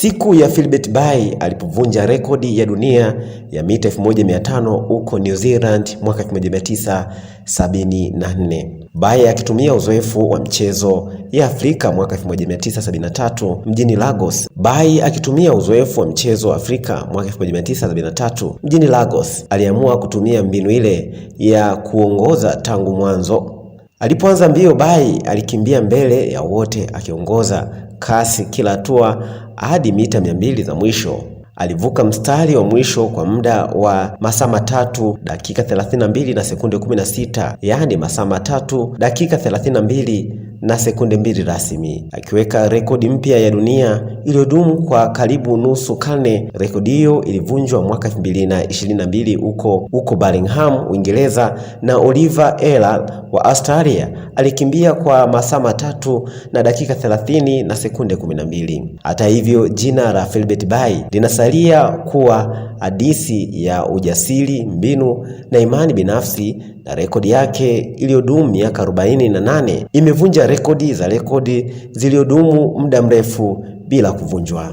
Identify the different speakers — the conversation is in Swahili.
Speaker 1: Siku ya Philbert Bayi alipovunja rekodi ya dunia ya mita 1500 huko New Zealand mwaka 1974. Bayi akitumia uzoefu wa mchezo ya Afrika mwaka 1973 mjini Lagos. Bayi akitumia uzoefu wa mchezo wa Afrika mwaka 1973 mjini Lagos, aliamua kutumia mbinu ile ya kuongoza tangu mwanzo. Alipoanza mbio, Bayi alikimbia mbele ya wote akiongoza kasi kila hatua hadi mita mia mbili za mwisho. Alivuka mstari wa mwisho kwa muda wa masaa matatu dakika 32 na sekunde 16, yaani masaa matatu dakika 32 na sekunde mbili rasmi, akiweka rekodi mpya ya dunia iliyodumu kwa karibu nusu karne. Rekodi hiyo ilivunjwa mwaka 2022 huko huko Birmingham, Uingereza na Oliver Ela wa Australia alikimbia kwa masaa matatu na dakika 30 na sekunde 12. Hata hivyo, jina la Philbert Bayi linasalia kuwa hadisi ya ujasiri, mbinu na imani binafsi, na rekodi yake iliyodumu miaka 48 imevunja rekodi za rekodi ziliyodumu muda mrefu bila kuvunjwa.